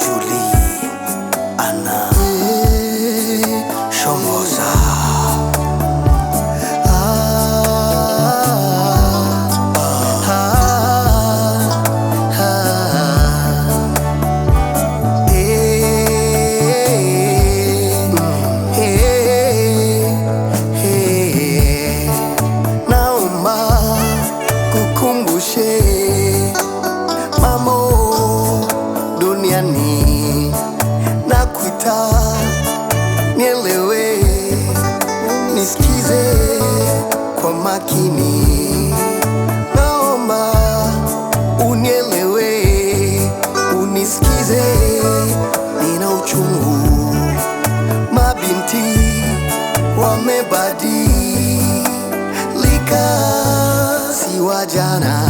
you nataka nielewe, nisikize kwa makini, naomba unielewe, unisikize, nina uchungu, mabinti wamebadilika, si wajana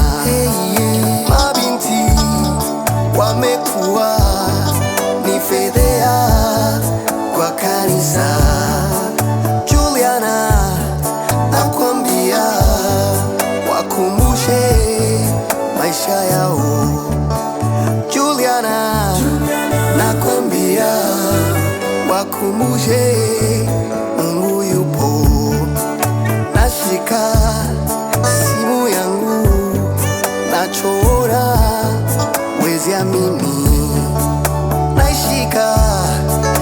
Wakumbushe Mungu yupo, nashika simu yangu, nachora wezi amini, Nashika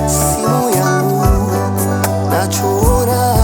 simu yangu, nachora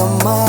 of my